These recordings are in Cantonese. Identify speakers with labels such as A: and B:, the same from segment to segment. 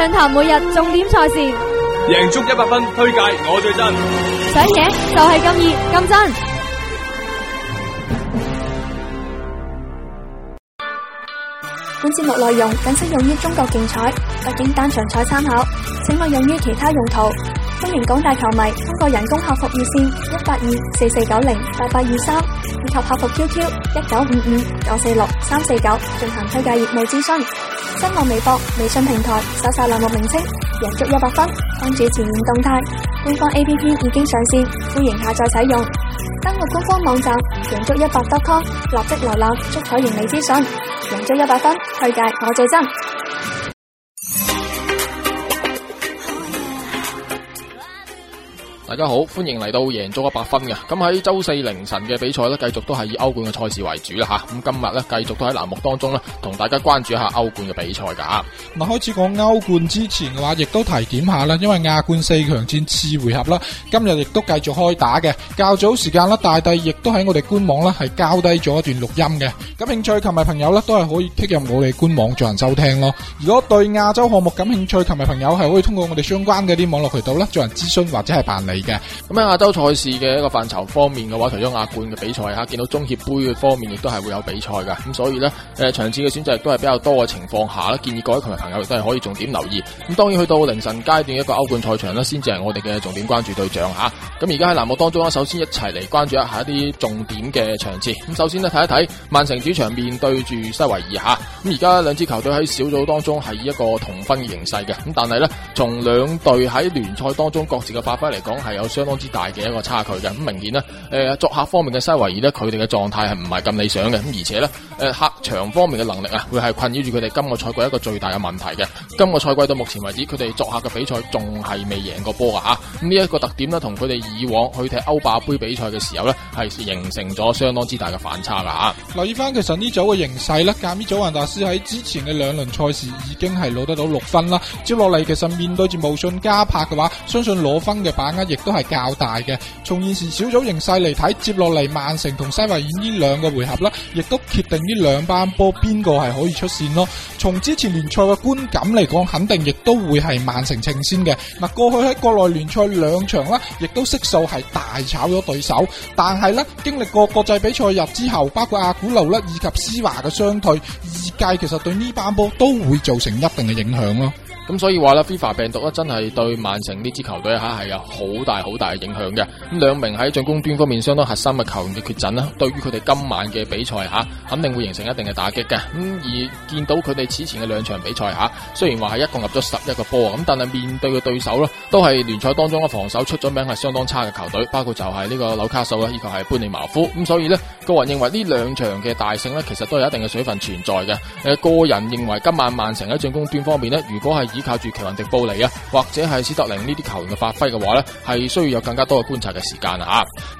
A: 上台每日重點賽事，
B: 贏足一百分
A: 推介，我最真。想贏就係咁易咁真。本節目內容僅適用於中國競彩北京單場彩參考，請勿用於其他用途。歡迎廣大球迷通過人工客服熱線一八二四四九零八八二三以及客服 QQ 一九五五九四六三四九進行推介業務諮詢。新浪微博、微信平台，搜索欄目名稱“贏足一百分”，關注前沿動態。官方 APP 已經上線，歡迎下載使用。登錄官方網站“贏足一百分 .com”，立即瀏覽足彩盈利資訊。贏足一百分，推介我最真。
B: 大家好，歡迎嚟到贏足 100FUN 嘅。咁喺周四凌晨嘅比賽咧，繼續都係以歐冠嘅賽事為主啦吓。咁今日咧，繼續都喺欄目當中咧，同大家關注一下歐冠嘅比賽噶。
A: 咁開始講歐冠之前嘅話，亦都提點下啦，因為亞冠四強戰次回合啦，今日亦都繼續開打嘅。較早時間咧，大帝亦都喺我哋官網咧係交低咗一段錄音嘅。感興趣球迷朋友咧，都係可以剔入我哋官網進行收聽咯。如果對亞洲項目感興趣，球迷朋友係可以通過我哋相關嘅啲網絡渠道咧進行諮詢或者係辦理。.嘅
B: 咁喺亞洲賽事嘅一個範疇方面嘅話，除咗亞冠嘅比賽吓，見到中協杯嘅方面亦都係會有比賽噶，咁所以呢，誒，場次嘅選擇亦都係比較多嘅情況下咧，建議各位球迷朋友亦都係可以重點留意。咁當然去到凌晨階段一個歐冠賽場啦，先至係我哋嘅重點關注對象吓。咁而家喺欄目當中呢，首先一齊嚟關注一下一啲重點嘅場次。咁首先呢，睇一睇曼城主場面對住西維爾吓。咁而家兩支球隊喺小組當中係以一個同分嘅形勢嘅，咁但係呢，從兩隊喺聯賽當中各自嘅發揮嚟講係有相當之大嘅一個差距嘅。咁明顯咧，誒、呃、作客方面嘅西維爾呢，佢哋嘅狀態係唔係咁理想嘅，咁而且呢，誒、呃、客場方面嘅能力啊，會係困擾住佢哋今個賽季一個最大嘅問題嘅。今、這個賽季到目前為止，佢哋作客嘅比賽仲係未贏過波噶吓，咁呢一個特點呢，同佢哋以往去踢歐霸杯比賽嘅時候呢，係形成咗相當之大嘅反差噶吓、
A: 啊。留意翻，其實呢組嘅形勢呢，鑒於祖雲達斯喺之前嘅兩輪賽事已經係攞得到六分啦。接落嚟，其實面對住慕遜加柏嘅話，相信攞分嘅把握亦都係較大嘅。從現時小組形勢嚟睇，接落嚟曼城同西維爾呢兩個回合啦，亦都決定呢兩班波邊個係可以出線咯。從之前聯賽嘅觀感嚟講，肯定亦都會係曼城稱先嘅。嗱，過去喺國內聯賽兩場啦，亦都悉數係大炒咗對手。但係呢，經歷過國際比賽日之後，包括阿古路啦以及施華嘅傷退，意界其實對呢班波都會造成一定嘅影響咯。
B: 咁所以話啦，FIFA 病毒咧，真係對曼城呢支球隊吓係有好大好大嘅影響嘅。咁兩名喺進攻端方面相當核心嘅球員嘅缺陣啦，對於佢哋今晚嘅比賽吓肯定會形成一定嘅打擊嘅。咁而見到佢哋此前嘅兩場比賽吓，雖然話係一共入咗十一個波，咁但係面對嘅對手咯，都係聯賽當中嘅防守出咗名係相當差嘅球隊，包括就係呢個紐卡素啦，以及係班尼茅夫。咁所以呢，個人認為呢兩場嘅大勝咧，其實都有一定嘅水分存在嘅。誒，個人認為今晚曼城喺進攻端方面呢如果係以依靠住奇雲迪布尼啊，或者係史特靈呢啲球員嘅發揮嘅話咧，係需要有更加多嘅觀察嘅時間啊！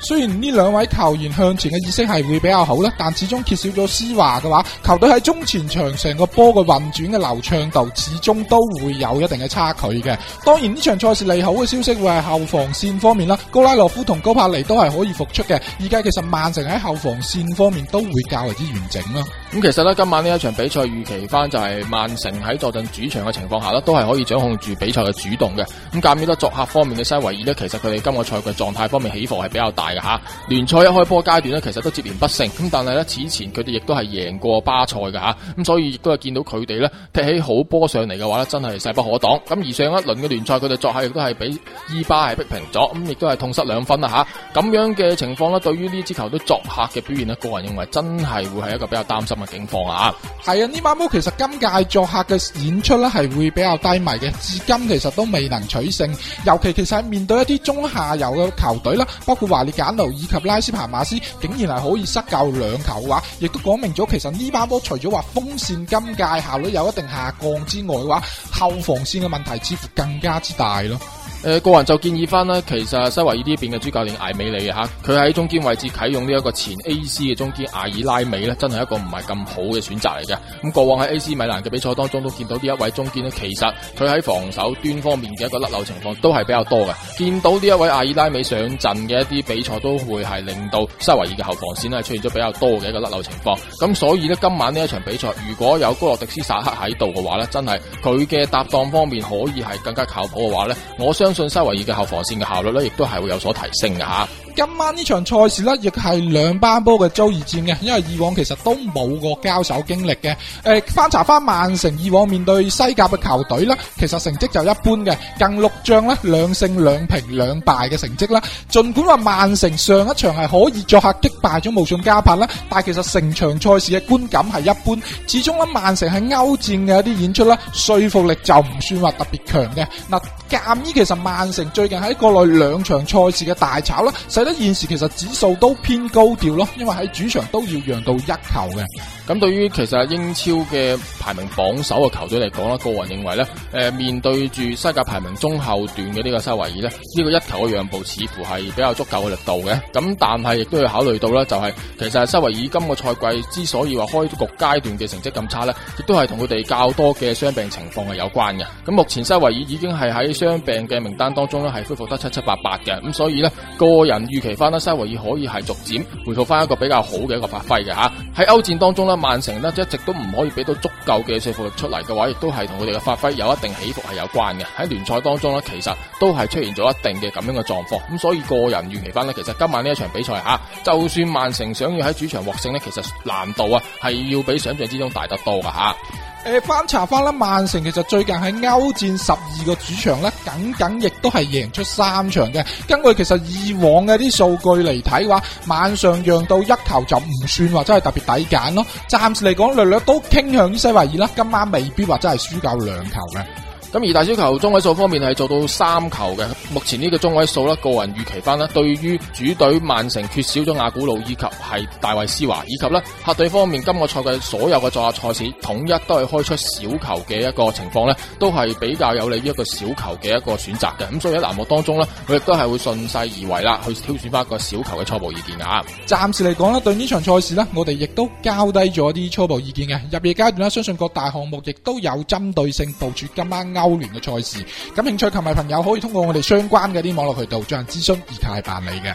B: 吓，
A: 雖然呢兩位球員向前嘅意識係會比較好啦，但始終缺少咗施華嘅話，球隊喺中前場成個波嘅運轉嘅流暢度始終都會有一定嘅差距嘅。當然呢場賽事利好嘅消息，會係後防線方面啦，高拉洛夫同高帕尼都係可以復出嘅。而家其實曼城喺後防線方面都會較為之完整啦。
B: 咁其實呢，今晚呢一場比賽預期翻就係曼城喺坐鎮主場嘅情況下呢，都係可以掌控住比賽嘅主動嘅。咁鑒於咧作客方面嘅西維爾呢，其實佢哋今個賽季狀態方面起伏係比較大嘅吓。聯賽一開波階段呢，其實都接連不勝。咁但係呢，此前佢哋亦都係贏過巴塞嘅吓。咁所以亦都係見到佢哋呢踢起好波上嚟嘅話呢，真係勢不可擋。咁而上一輪嘅聯賽，佢哋作客亦都係俾伊巴係逼平咗，咁亦都係痛失兩分啦吓。咁樣嘅情況呢，對於呢支球隊都作客嘅表現呢，個人認為真係會係一個比較擔心。警方啊，
A: 係啊，呢班波其實今屆作客嘅演出咧係會比較低迷嘅，至今其實都未能取勝，尤其其實喺面對一啲中下游嘅球隊啦，包括華烈簡奴以及拉斯帕馬斯，竟然係可以失夠兩球嘅話，亦都講明咗其實呢班波除咗話鋒線今屆效率有一定下降之外嘅話，後防線嘅問題似乎更加之大咯。
B: 誒，個人就建議翻呢。其實西維爾呢邊嘅主教練艾美里，啊，佢喺中間位置啟用呢一個前 A.C. 嘅中堅阿爾拉美呢，真係一個唔係咁好嘅選擇嚟嘅。咁過往喺 A.C. 米蘭嘅比賽當中，都見到呢一位中堅咧，其實佢喺防守端方面嘅一個甩漏情況都係比較多嘅。見到呢一位阿爾拉美上陣嘅一啲比賽，都會係令到西維爾嘅後防線咧出現咗比較多嘅一個甩漏情況。咁所以呢，今晚呢一場比賽，如果有高洛迪斯薩克喺度嘅話呢，真係佢嘅搭檔方面可以係更加靠譜嘅話呢，我相。相信西維爾嘅後防線嘅效率咧，亦都係會有所提升嘅吓。
A: 今晚呢場賽事呢，亦係兩班波嘅遭遇戰嘅，因為以往其實都冇過交手經歷嘅。誒、呃，翻查翻曼城以往面對西甲嘅球隊啦，其實成績就一般嘅。近六仗呢，兩勝兩平兩敗嘅成績啦。儘管話曼城上一場係可以作客擊敗咗慕遜加柏啦，但係其實成場賽事嘅觀感係一般，始終呢，曼城喺歐戰嘅一啲演出啦，說服力就唔算話特別強嘅。嗱，鑑於其實曼城最近喺國內兩場賽事嘅大炒啦。我覺得現時其實指數都偏高調咯，因為喺主場都要讓到一球嘅。咁對於其實英
B: 超嘅排名榜首嘅球隊嚟講啦，個人認為咧，誒、呃、面對住西甲排名中後段嘅呢個西維爾咧，呢、這個一球嘅讓步似乎係比較足夠嘅力度嘅。咁但係亦都要考慮到咧，就係、是、其實係西維爾今個賽季之所以話開局階段嘅成績咁差呢亦都係同佢哋較多嘅傷病情況係有關嘅。咁目前西維爾已經係喺傷病嘅名單當中咧，係恢復得七七八八嘅。咁所以呢，個人預期翻咧，西維爾可以係逐漸回復翻一個比較好嘅一個發揮嘅吓。喺歐戰當中咧。曼城咧，一直都唔可以俾到足夠嘅說服力出嚟嘅話，亦都係同佢哋嘅發揮有一定起伏係有關嘅。喺聯賽當中咧，其實都係出現咗一定嘅咁樣嘅狀況。咁所以個人預期翻呢，其實今晚呢一場比賽吓，啊，就算曼城想要喺主場獲勝咧，其實難度啊係要比想象之中大得多噶吓。啊
A: 誒，翻查翻啦，曼城其實最近喺歐戰十二個主場咧，僅僅亦都係贏出三場嘅。根據其實以往嘅啲數據嚟睇嘅話，晚上讓到一球就唔算話真係特別抵揀咯。暫時嚟講，略略都傾向於西維爾啦。今晚未必話真係輸夠兩球嘅。
B: 咁而大小球中位數方面係做到三球嘅。目前呢個中位數啦，個人預期翻咧，對於主隊曼城缺少咗亞古路以及係大衛斯華以及咧客隊方面，今個賽季所有嘅作客賽事統一都係開出小球嘅一個情況咧，都係比較有利於一個小球嘅一個選擇嘅。咁所以喺欄目當中咧，我亦都係會順勢而為啦，去挑選翻一個小球嘅初步意
A: 見啊。暫時嚟講咧，對場呢場賽事咧，我哋亦都交低咗啲初步意見嘅。入夜階段呢，相信各大項目亦都有針對性部署今晚歐聯嘅賽事，感興趣球迷朋友可以通過我哋相關嘅啲網絡渠道進行諮詢以及辦理嘅。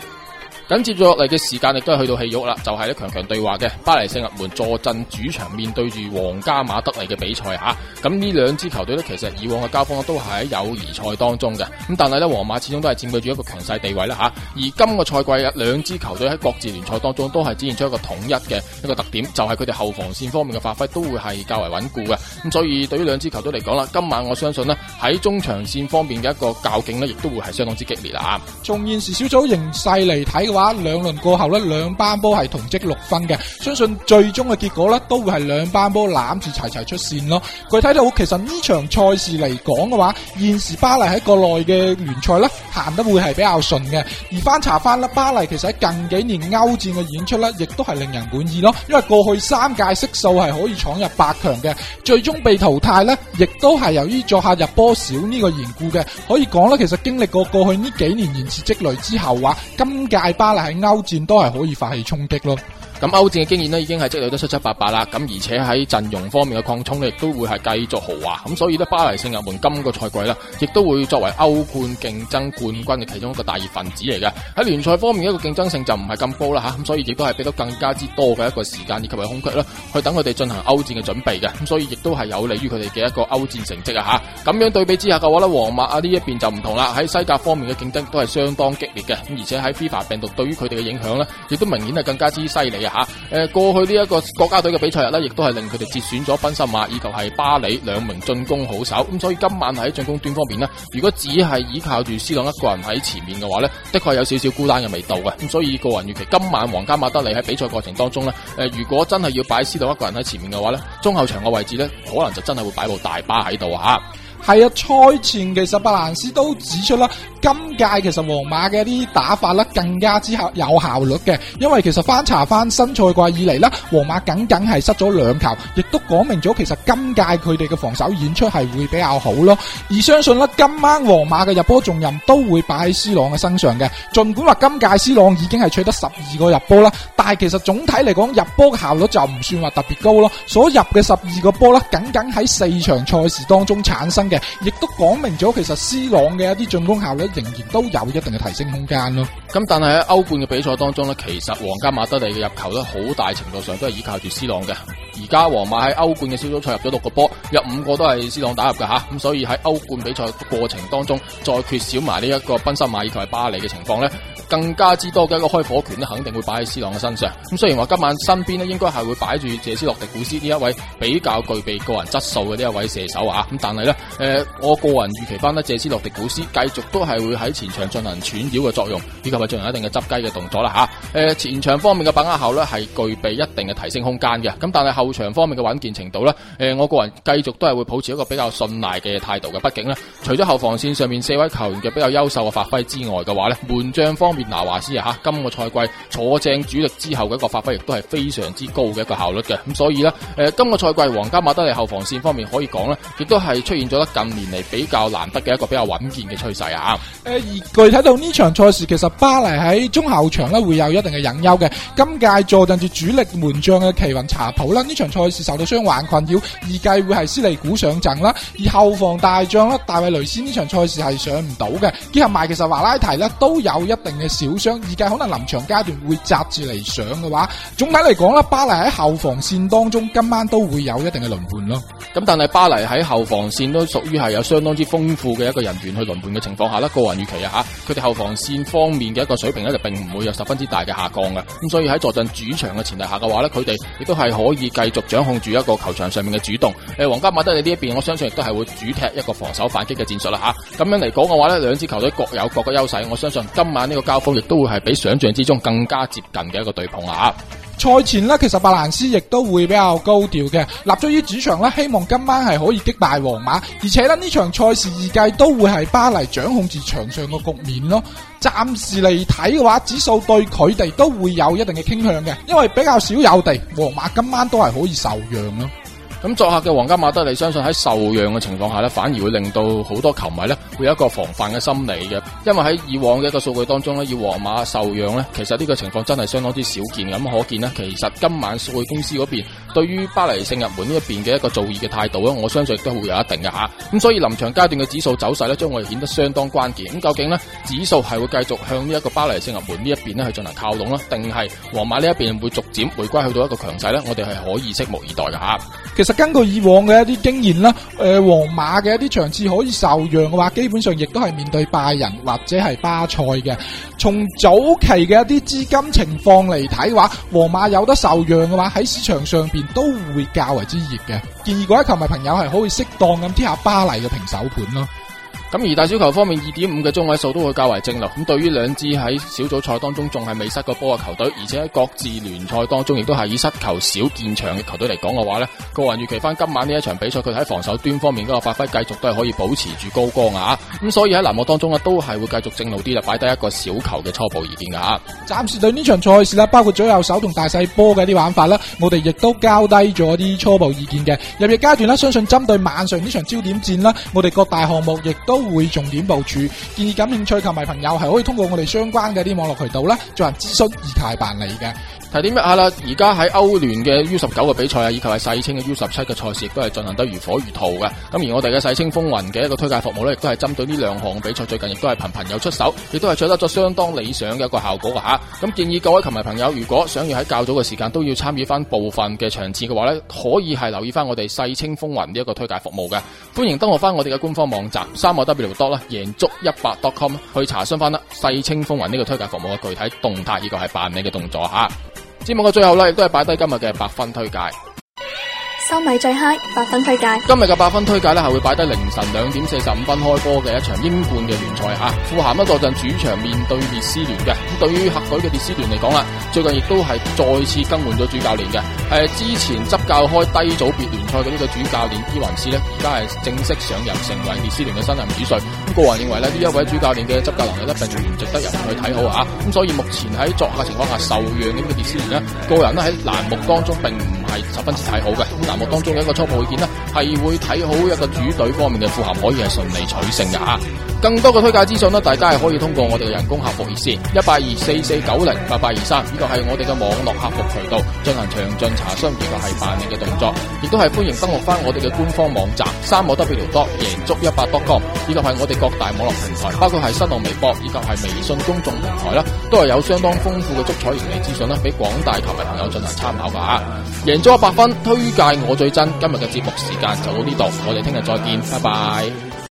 A: 緊接咗落嚟
B: 嘅時間，亦都係去到戲肉啦，就係咧強強對話嘅巴黎聖日門坐鎮主場，面對住皇家馬德里嘅比賽吓。咁呢兩支球隊呢，其實以往嘅交鋒都係喺友誼賽當中嘅。咁但係呢，皇馬始終都係佔據住一個強勢地位啦吓、啊。而今個賽季啊，兩支球隊喺各自聯賽當中都係展現出一個統一嘅一個特點，就係佢哋後防線方面嘅發揮都會係較為穩固嘅。咁、啊、所以對於兩支球隊嚟講啦，今晚我相信呢，喺中長線方面嘅一個較勁呢，亦都會係相當之激烈啦。
A: 從、啊、現時小組形勢嚟睇。話兩輪過後咧，兩班波係同積六分嘅，相信最終嘅結果呢都會係兩班波攬住齊齊出線咯。佢睇到其實呢場賽事嚟講嘅話，現時巴黎喺國內嘅聯賽呢行得會係比較順嘅，而翻查翻啦，巴黎其實喺近幾年歐戰嘅演出呢，亦都係令人滿意咯。因為過去三屆悉數係可以闖入八強嘅，最終被淘汰呢，亦都係由於作客入波少呢個緣故嘅。可以講呢，其實經歷過過去呢幾年延遲積累之後，話今屆巴。喺歐戰都係可以發起衝擊咯。
B: 咁歐戰嘅經驗咧，已經係積累得七七八八啦。咁而且喺陣容方面嘅擴充亦都會係繼續豪華。咁所以咧，巴黎聖日門今個賽季呢，亦都會作為歐冠競爭冠軍嘅其中一個大熱分子嚟嘅。喺聯賽方面一個競爭性就唔係咁高啦吓。咁所以亦都係俾到更加之多嘅一個時間以及嘅空隙啦，去等佢哋進行歐戰嘅準備嘅。咁所以亦都係有利於佢哋嘅一個歐戰成績啊吓。咁樣對比之下嘅話呢，皇馬啊呢一邊就唔同啦。喺西甲方面嘅競爭都係相當激烈嘅。而且喺非 i 病毒對於佢哋嘅影響呢，亦都明顯係更加之犀利。吓，誒，過去呢一個國家隊嘅比賽日咧，亦都係令佢哋截選咗奔心馬以及係巴里兩名進攻好手，咁所以今晚喺進攻端方面呢，如果只係依靠住斯朗一個人喺前面嘅話呢，的確有少少孤單嘅味道嘅，咁所以個人預期今晚皇家馬德里喺比賽過程當中呢，誒，如果真係要擺斯朗一個人喺前面嘅話呢，中後場嘅位置呢，可能就真係會擺部大巴喺度吓，
A: 係啊，賽前其實伯蘭斯都指出啦。今屆其實皇馬嘅一啲打法咧，更加之有效率嘅，因為其實翻查翻新賽季以嚟啦，皇馬僅僅係失咗兩球，亦都講明咗其實今屆佢哋嘅防守演出係會比較好咯。而相信啦，今晚皇馬嘅入波重任都會擺喺 C 朗嘅身上嘅。盡管話今屆 C 朗已經係取得十二個入波啦，但係其實總體嚟講入波嘅效率就唔算話特別高咯。所入嘅十二個波啦，僅僅喺四場賽事當中產生嘅，亦都講明咗其實 C 朗嘅一啲進攻效率。仍然都有一定嘅提升空間咯。
B: 咁但係喺歐冠嘅比賽當中咧，其實皇家馬德里嘅入球咧，好大程度上都係依靠住 C 朗嘅。而家皇馬喺歐冠嘅小組賽入咗六個波，有五個都係斯朗打入嘅嚇，咁所以喺歐冠比賽的過程當中，再缺少埋呢一個賓斯馬以及係巴利嘅情況咧，更加之多嘅一個開火權咧，肯定會擺喺斯朗嘅身上。咁雖然話今晚身邊咧應該係會擺住謝斯洛迪古斯呢一位比較具備個人質素嘅呢一位射手啊，咁但係咧，誒，我個人預期翻呢謝斯洛迪古斯繼續都係會喺前場進行串繞嘅作用，以及係進行一定嘅執雞嘅動作啦嚇。誒，前場方面嘅把握效率係具備一定嘅提升空間嘅，咁但係後後場方面嘅穩健程度呢，誒、呃，我個人繼續都係會保持一個比較信賴嘅態度嘅。畢竟呢，除咗後防線上面四位球員嘅比較優秀嘅發揮之外嘅話呢，門將方面拿華斯啊，吓今個賽季坐正主力之後嘅一個發揮，亦都係非常之高嘅一個效率嘅。咁、啊、所以呢，誒，今個賽季皇家馬德里後防線方面可以講呢，亦都係出現咗近年嚟比較難得嘅一個比較穩健嘅趨勢啊。誒、呃，
A: 而具體到呢場賽事，其實巴黎喺中後場呢會有一定嘅隱憂嘅。今屆坐正住主力門將嘅奇雲查普啦。場賽事受到傷患困擾，預計會係斯利古上陣啦，而後防大將啦，大衛雷斯呢場賽事係上唔到嘅，結合埋其實華拉提呢，都有一定嘅小傷，預計可能臨場階段會閘住嚟上嘅話，總體嚟講啦，巴黎喺後防線當中今晚都會有一定嘅輪換咯。
B: 咁但係巴黎喺後防線都屬於係有相當之豐富嘅一個人員去輪換嘅情況下啦，個人預期啊吓，佢哋後防線方面嘅一個水平呢，就並唔會有十分之大嘅下降嘅。咁所以喺坐鎮主場嘅前提下嘅話呢，佢哋亦都係可以計。繼續掌控住一個球場上面嘅主動，誒，皇家馬德里呢一邊，我相信亦都係會主踢一個防守反擊嘅戰術啦吓。咁樣嚟講嘅話呢，兩支球隊各有各嘅優勢，我相信今晚呢個交鋒亦都會係比想象之中更加接近嘅一個對碰啦。
A: 賽前呢，其實白蘭斯亦都會比較高調嘅，立足於主場咧，希望今晚係可以擊敗皇馬，而且咧，呢場賽事預計都會係巴黎掌控住場上嘅局面咯。暫時嚟睇嘅話，指數對佢哋都會有一定嘅傾向嘅，因為比較少有地，皇馬今晚都係可以受讓咯。
B: 咁作客嘅皇家馬德里，相信喺受讓嘅情況下呢，反而會令到好多球迷呢會有一個防範嘅心理嘅。因為喺以往嘅一個數據當中呢，以皇馬受讓呢，其實呢個情況真係相當之少見。咁可見呢，其實今晚數據公司嗰邊對於巴黎聖日門呢一邊嘅一個造意嘅態度呢，我相信都會有一定嘅吓。咁所以臨場階段嘅指數走勢呢，將會顯得相當關鍵。咁究竟呢指數係會繼續向呢一個巴黎聖日門呢一邊去進行靠攏啦，定係皇馬呢一邊會逐漸回歸去到一個強勢呢？我哋係可以拭目以待嘅
A: 吓。根據以往嘅一啲經驗啦，誒、呃，皇馬嘅一啲場次可以受讓嘅話，基本上亦都係面對拜仁或者係巴塞嘅。從早期嘅一啲資金情況嚟睇嘅話，皇馬有得受讓嘅話，喺市場上邊都會較為之熱嘅。建議各位球迷朋友係可以適當咁聽下巴黎嘅平手盤咯。咁而大小球方
B: 面，二點五嘅中位數都會較為正路。咁對於兩支喺小組賽當中仲係未失過波嘅球隊，而且喺各自聯賽當中亦都係以失球少見長嘅球隊嚟講嘅話，呢個人預期翻今晚呢一場比賽，佢喺防守端方面嗰個發揮，繼續都係可以保持住高光啊。咁所以喺欄目當中咧，都係會繼續正路啲，就擺低一個小球嘅初步意見噶吓。
A: 暫時對呢場賽事啦，包括左右手同大細波嘅啲玩法啦，我哋亦都交低咗啲初步意見嘅。入夜階段啦，相信針對晚上呢場焦點戰啦，我哋各大項目亦都會重點部署，建議感興趣球迷朋友係可以通過我哋相關嘅啲網絡渠道咧進行諮詢、議題辦理嘅。
B: 係點啊啦而家喺歐聯嘅 U 十九嘅比賽啊，以及係世青嘅 U 十七嘅賽事，亦都係進行得如火如荼嘅。咁而我哋嘅世青風雲嘅一個推介服務咧，亦都係針對呢兩項比賽最近亦都係頻頻有出手，亦都係取得咗相當理想嘅一個效果嘅吓。咁、啊、建議各位球迷朋友，如果想要喺較早嘅時間都要參與翻部分嘅場次嘅話咧，可以係留意翻我哋世青風雲呢一個推介服務嘅。歡迎登錄翻我哋嘅官方網站三 W 多啦，贏足一百 .com 去查詢翻啦，世青風雲呢個推介服務嘅具體動態，係辦理嘅動作吓。節目嘅最後咧，亦都係擺低今日嘅百分推介。
A: 收米最嗨，i 八分推介。
B: 今日嘅八分推介咧，係會擺低凌晨兩點四十五分開波嘅一場英冠嘅聯賽吓。富、啊、鹹一個陣主場面對列斯聯嘅。咁對於客隊嘅列斯聯嚟講啦，最近亦都係再次更換咗主教練嘅。誒、啊，之前執教開低組別聯賽嘅呢個主教練伊雲斯呢，而家係正式上任成為列斯聯嘅新任主帥。咁個人認為咧，呢一位主教練嘅執教能力咧，並唔值得人去睇好啊。咁所以目前喺作客情況下受讓嘅呢個列斯聯呢，個人咧喺欄目當中並唔係十分之睇好嘅。欄目當中有一個初步意見咧，係會睇好一個主隊方面嘅復合可以係順利取勝嘅吓。更多嘅推介資訊呢？大家係可以通過我哋嘅人工客服熱線一八二四四九零八八二三，呢個係我哋嘅網絡客服渠道進行詳盡查詢，以及係辦理嘅動作，亦都係歡迎登錄翻我哋嘅官方網站三 w dot 贏足一百 dot com 以及係我哋各大網絡平台，包括係新浪微博，以及係微信公眾平台啦，都係有相當豐富嘅足彩盈利資訊啦，俾廣大球迷朋友進行參考噶。贏咗一百分，推介我最真。今日嘅節目時間就到呢度，我哋聽日再見，拜拜。